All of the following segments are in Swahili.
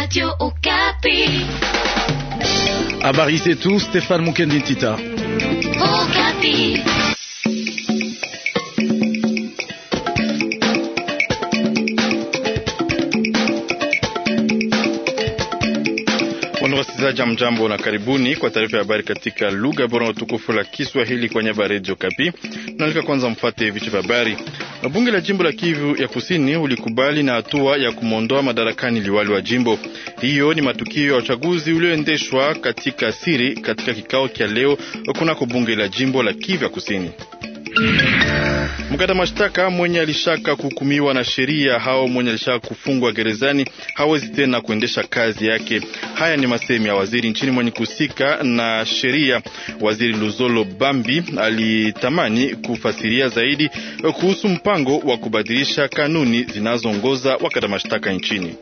Radio Okapi. Habari zetu, Stefan Mukendi Tita. Okapi. Wasikilizaji na karibuni kwa taarifa ya habari katika lugha bora na tukufu la Kiswahili kwa nyaba ya Radio Kapi. Nalika kwanza mfate vichwa vya habari. Bunge la jimbo la Kivu ya Kusini ulikubali na hatua ya kumwondoa madarakani liwali wa jimbo. Hiyo ni matukio ya uchaguzi ulioendeshwa katika siri katika kikao cha leo kunako bunge la jimbo la Kivu ya Kusini. Mkata mashtaka mwenye alishaka kuhukumiwa na sheria hao mwenye alishaka kufungwa gerezani hawezi tena kuendesha kazi yake. Haya ni masemi ya waziri nchini mwenye kuhusika na sheria. Waziri Luzolo Bambi alitamani kufasiria zaidi kuhusu mpango wa kubadilisha kanuni zinazoongoza wakata mashtaka nchini.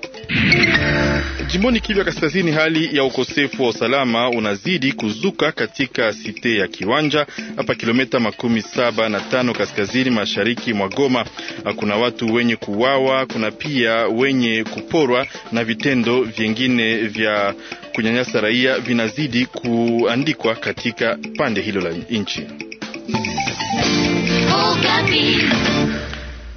Jimboni Kivu ya Kaskazini, hali ya ukosefu wa usalama unazidi kuzuka katika site ya Kiwanja hapa kilomita makumi saba na tano kaskazini mashariki mwa Goma. Ah, kuna watu wenye kuwawa kuna pia wenye kuporwa na vitendo vingine vya kunyanyasa raia vinazidi kuandikwa katika pande hilo la nchi. Oh,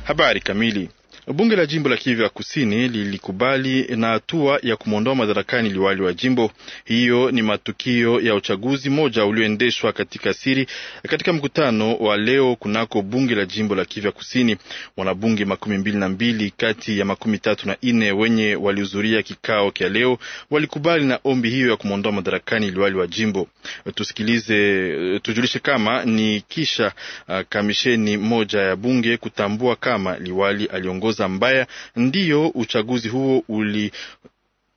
Habari kamili Bunge la jimbo la Kivu ya Kusini lilikubali na hatua ya kumwondoa madarakani liwali wa jimbo hiyo. Ni matukio ya uchaguzi moja ulioendeshwa katika siri katika mkutano wa leo kunako bunge la jimbo la Kivu ya Kusini. Wanabunge makumi mbili na mbili kati ya makumi tatu na nne wenye walihudhuria kikao kya leo walikubali na ombi hiyo ya kumwondoa madarakani liwali wa jimbo. Tusikilize, tujulishe kama ni kisha uh, kamisheni moja ya bunge kutambua kama liwali aliongoza siasa mbaya, ndiyo uchaguzi huo uli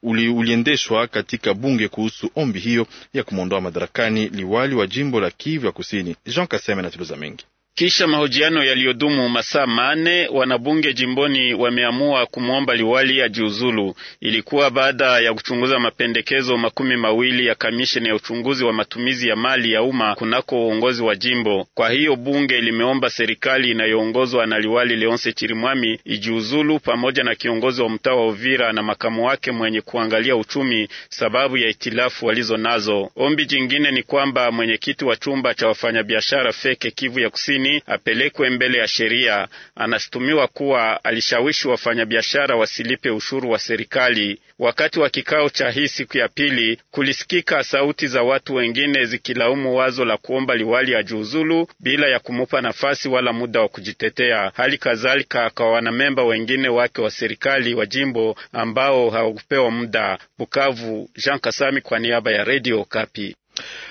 uli uliendeshwa katika bunge kuhusu ombi hiyo ya kumwondoa madarakani liwali wa jimbo la Kivu ya Kusini Jean Kaseme na tuliza mengi kisha mahojiano yaliyodumu masaa mane, wanabunge jimboni wameamua kumwomba liwali ajiuzulu. Ilikuwa baada ya kuchunguza mapendekezo makumi mawili ya kamisheni ya uchunguzi wa matumizi ya mali ya umma kunako uongozi wa jimbo. Kwa hiyo bunge limeomba serikali inayoongozwa na liwali Leonce Chirimwami ijiuzulu pamoja na kiongozi wa mtaa wa Uvira na makamu wake mwenye kuangalia uchumi, sababu ya itilafu walizo nazo. Ombi jingine ni kwamba mwenyekiti wa chumba cha wafanyabiashara feke Kivu ya Kusini chini apelekwe mbele ya sheria. Anashutumiwa kuwa alishawishi wafanyabiashara wasilipe ushuru wa serikali. Wakati wa kikao cha hii siku ya pili, kulisikika sauti za watu wengine zikilaumu wazo la kuomba liwali ajiuzulu bila ya kumupa nafasi wala muda wa kujitetea. Hali kadhalika kwa wanamemba wengine wake wa serikali wa jimbo ambao hawakupewa muda. Bukavu, Jean Kasami kwa niaba ya Radio Kapi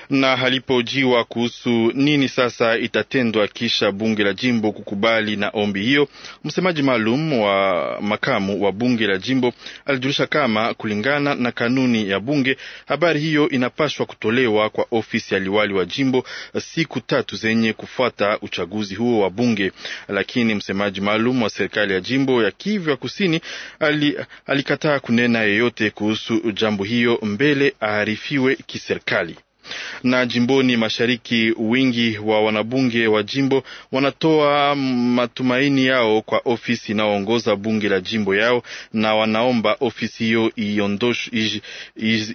na alipojiwa kuhusu nini sasa itatendwa kisha bunge la jimbo kukubali na ombi hiyo, msemaji maalum wa makamu wa bunge la jimbo alijulisha kama kulingana na kanuni ya bunge, habari hiyo inapashwa kutolewa kwa ofisi ya liwali wa jimbo siku tatu zenye kufuata uchaguzi huo wa bunge. Lakini msemaji maalum wa serikali ya jimbo ya Kivu ya Kusini alikataa kunena yeyote kuhusu jambo hiyo mbele aarifiwe kiserikali. Na jimboni mashariki, wingi wa wanabunge wa jimbo wanatoa matumaini yao kwa ofisi inayoongoza bunge la jimbo yao, na wanaomba ofisi hiyo iz,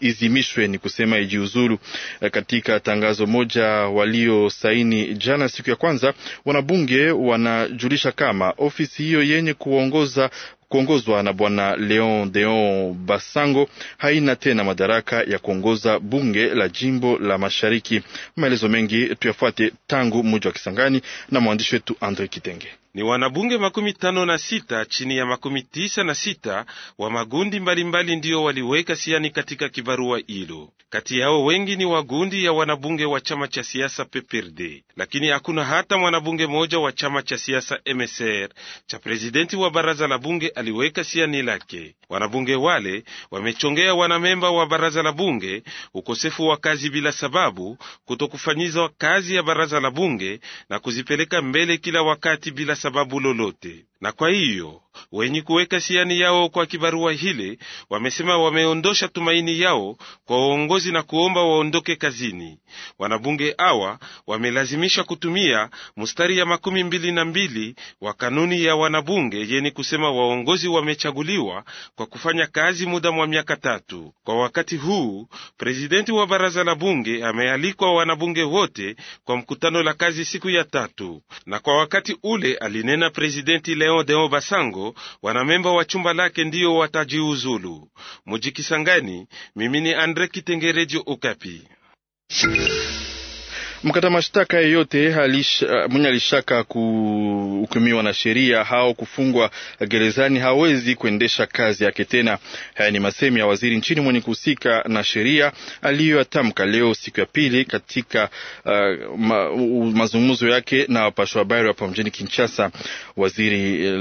izimishwe, ni kusema ijiuzuru. Eh, katika tangazo moja waliosaini jana siku ya kwanza, wanabunge wanajulisha kama ofisi hiyo yenye kuongoza kuongozwa na bwana Leon Deon Basango haina tena madaraka ya kuongoza bunge la jimbo la Mashariki. Maelezo mengi tuyafuate tangu muji wa Kisangani na mwandishi wetu Andre Kitenge ni wanabunge makumi tano na sita chini ya makumi tisa na sita wa magundi mbalimbali ndiyo waliweka siani katika kibarua hilo. Kati yao wengi ni wagundi ya wanabunge wa chama cha siasa PPRD, lakini hakuna hata mwanabunge mmoja wa chama cha siasa MSR cha prezidenti wa baraza la bunge aliweka siani lake. Wanabunge wale wamechongea wanamemba wa baraza la bunge ukosefu wa kazi bila sababu, kutokufanyiza kazi ya baraza la bunge na kuzipeleka mbele kila wakati bila sababu sababu lolote, na kwa hiyo wenye kuweka siani yao kwa kibarua hile wamesema wameondosha tumaini yao kwa waongozi na kuomba waondoke kazini. Wanabunge awa wamelazimishwa kutumia mstari ya makumi mbili na mbili wa kanuni ya wanabunge yeni kusema waongozi wamechaguliwa kwa kufanya kazi muda mwa miaka tatu. Kwa wakati huu prezidenti wa baraza la bunge amealikwa wanabunge wote kwa mkutano la kazi siku ya tatu, na kwa wakati ule alinena prezidenti Leon Deo Basango wanamemba wa chumba lake ndiyo watajiuzulu. Mujikisangani, mimi ni Andre Kitengereji, ukapi Mkata mashtaka yeyote eh, mwenye alishaka kuhukumiwa na sheria hao kufungwa gerezani hawezi kuendesha kazi yake tena. Haya ni masemi ya waziri nchini mwenye kuhusika na sheria aliyoyatamka leo siku ya pili katika uh, ma, mazungumzo yake na wapashwa habari hapa mjini Kinshasa. Waziri eh,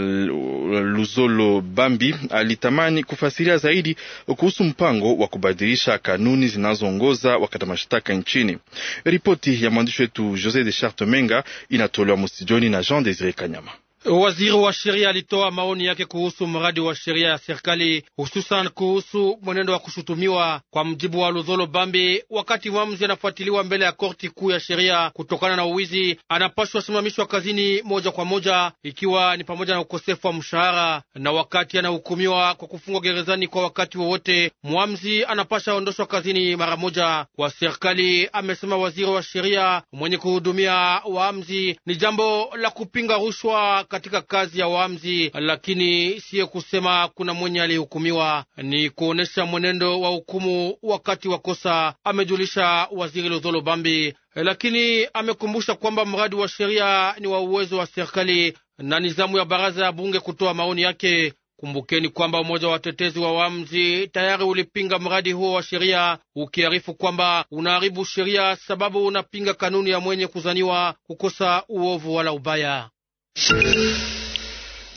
Luzolo Bambi alitamani kufasiria zaidi kuhusu mpango wa kubadilisha kanuni zinazoongoza wakata mashtaka nchini. Ripoti ya mwandishi wetu Jose de Charte Menga inatolewa msijoni na Jean Desire Kanyama. Waziri wa sheria alitoa maoni yake kuhusu mradi wa sheria ya serikali hususan kuhusu mwenendo wa kushutumiwa. Kwa mjibu wa Luzolo Bambi, wakati mwamzi anafuatiliwa mbele ya korti kuu ya sheria kutokana na uwizi, anapashwa simamishwa kazini moja kwa moja, ikiwa ni pamoja na ukosefu wa mshahara. Na wakati anahukumiwa kwa kufungwa gerezani kwa wakati wowote, mwamzi anapasha ondoshwa kazini mara moja kwa serikali, amesema waziri wa sheria mwenye kuhudumia wamzi Ni jambo la kupinga rushwa katika kazi ya wamzi, lakini siyo kusema kuna mwenye alihukumiwa, ni kuonesha mwenendo wa hukumu wakati wa kosa, amejulisha waziri Lozolo Bambi. Lakini amekumbusha kwamba mradi wa sheria ni wa uwezo wa serikali na nizamu ya baraza ya bunge kutoa maoni yake. Kumbukeni kwamba umoja wa watetezi wa wamzi tayari ulipinga mradi huo wa sheria ukiarifu kwamba unaharibu sheria, sababu unapinga kanuni ya mwenye kuzaniwa kukosa uovu wala ubaya. Thank you.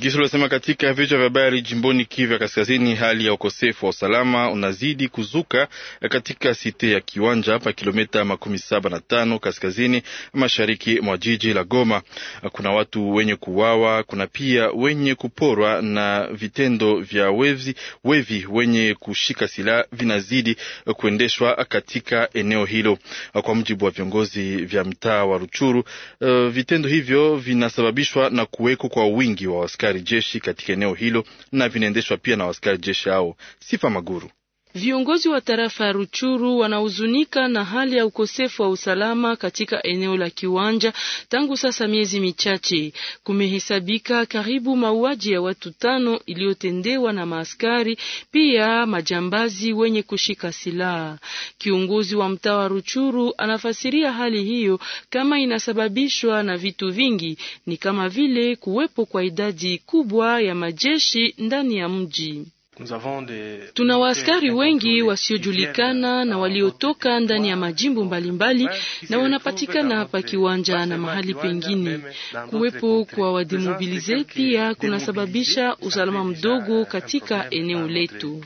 Jeshi linasema katika vichwa vya habari jimboni Kivu ya Kaskazini, hali ya ukosefu wa usalama unazidi kuzuka katika site ya Kiwanja hapa kilomita makumi saba na tano kaskazini mashariki mwa jiji la Goma. Kuna watu wenye kuwawa kuna pia wenye kuporwa na vitendo vya wevi, wevi wenye kushika silaha vinazidi kuendeshwa katika eneo hilo. Kwa mujibu wa viongozi vya mtaa wa Ruchuru, eh, vitendo hivyo vinasababishwa na kuweko kwa wingi wa waskari askari jeshi katika eneo hilo na vinaendeshwa pia na askari jeshi hao. Sifa Maguru Viongozi wa tarafa ya Ruchuru wanahuzunika na hali ya ukosefu wa usalama katika eneo la Kiwanja. Tangu sasa miezi michache, kumehesabika karibu mauaji ya watu tano iliyotendewa na maaskari, pia majambazi wenye kushika silaha. Kiongozi wa mtaa wa Ruchuru anafasiria hali hiyo kama inasababishwa na vitu vingi, ni kama vile kuwepo kwa idadi kubwa ya majeshi ndani ya mji. Tuna waaskari wengi wasiojulikana na euh, waliotoka ndani ya majimbo mbalimbali mbali, na wanapatikana hapa kiwanja na mahali pengine. Kuwepo kwa wademobilize pia kunasababisha usalama mdogo euh, katika eneo letu,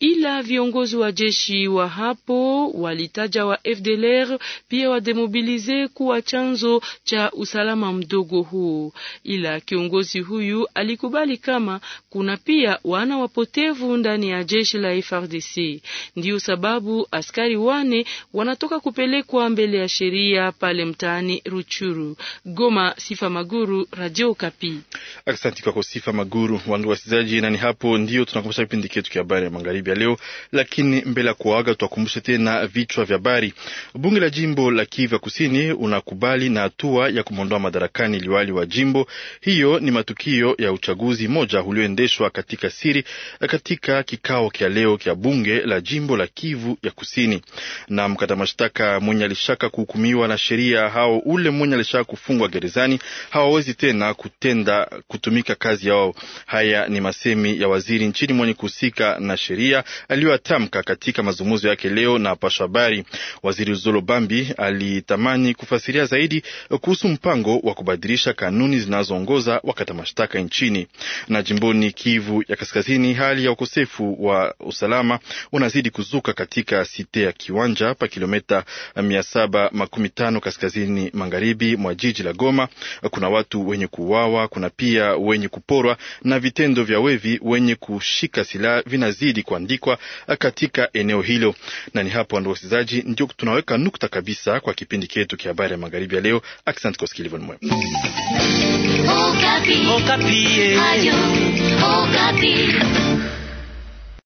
ila viongozi wa jeshi wa hapo walitaja wa FDLR pia wademobilize kuwa chanzo cha usalama mdogo huu, ila kiongozi huyu alikubali kama kuna pia wana wa wapotevu ndani ya jeshi la FRDC. Ndiyo sababu askari wane wanatoka kupelekwa mbele ya sheria pale mtaani Ruchuru. Goma, Sifa Maguru, Radio Kapi. Asante kwako Sifa Maguru. Wandu wasikizaji, na ni hapo ndio tunakumbusha kipindi chetu cha habari ya magharibi ya leo, lakini mbele ya kuaga tuwakumbushe tena vichwa vya habari. Bunge la jimbo la Kivu Kusini unakubali na hatua ya kumwondoa madarakani liwali wa jimbo hiyo. Ni matukio ya uchaguzi moja ulioendeshwa katika siri katika kikao kya leo kya bunge la jimbo la Kivu ya Kusini. Na mkata mashtaka mwenye alishaka kuhukumiwa na sheria hao, ule mwenye alishaka kufungwa gerezani hawawezi tena kutenda kutumika kazi yao. Haya ni masemi ya waziri nchini mwenye kuhusika na sheria aliyoatamka katika mazungumzo yake leo na pasha habari. Waziri Zolo Bambi alitamani kufasiria zaidi kuhusu mpango wa kubadilisha kanuni zinazoongoza wakata mashtaka nchini. Na jimboni Kivu ya Kaskazini lakini hali ya ukosefu wa usalama unazidi kuzuka katika site ya Kiwanja saba makumi tano kaskazini magharibi mwa jiji la Goma. Kuna watu wenye kuuawa, kuna pia wenye kuporwa na vitendo vya wevi wenye kushika silaha vinazidi kuandikwa katika eneo hilo. Na ni hapo, ndugu wasikilizaji, ndio tunaweka nukta kabisa kwa kipindi chetu cha habari ya magharibi ya leo. Asante kwa Okapi. Okapi. Eh.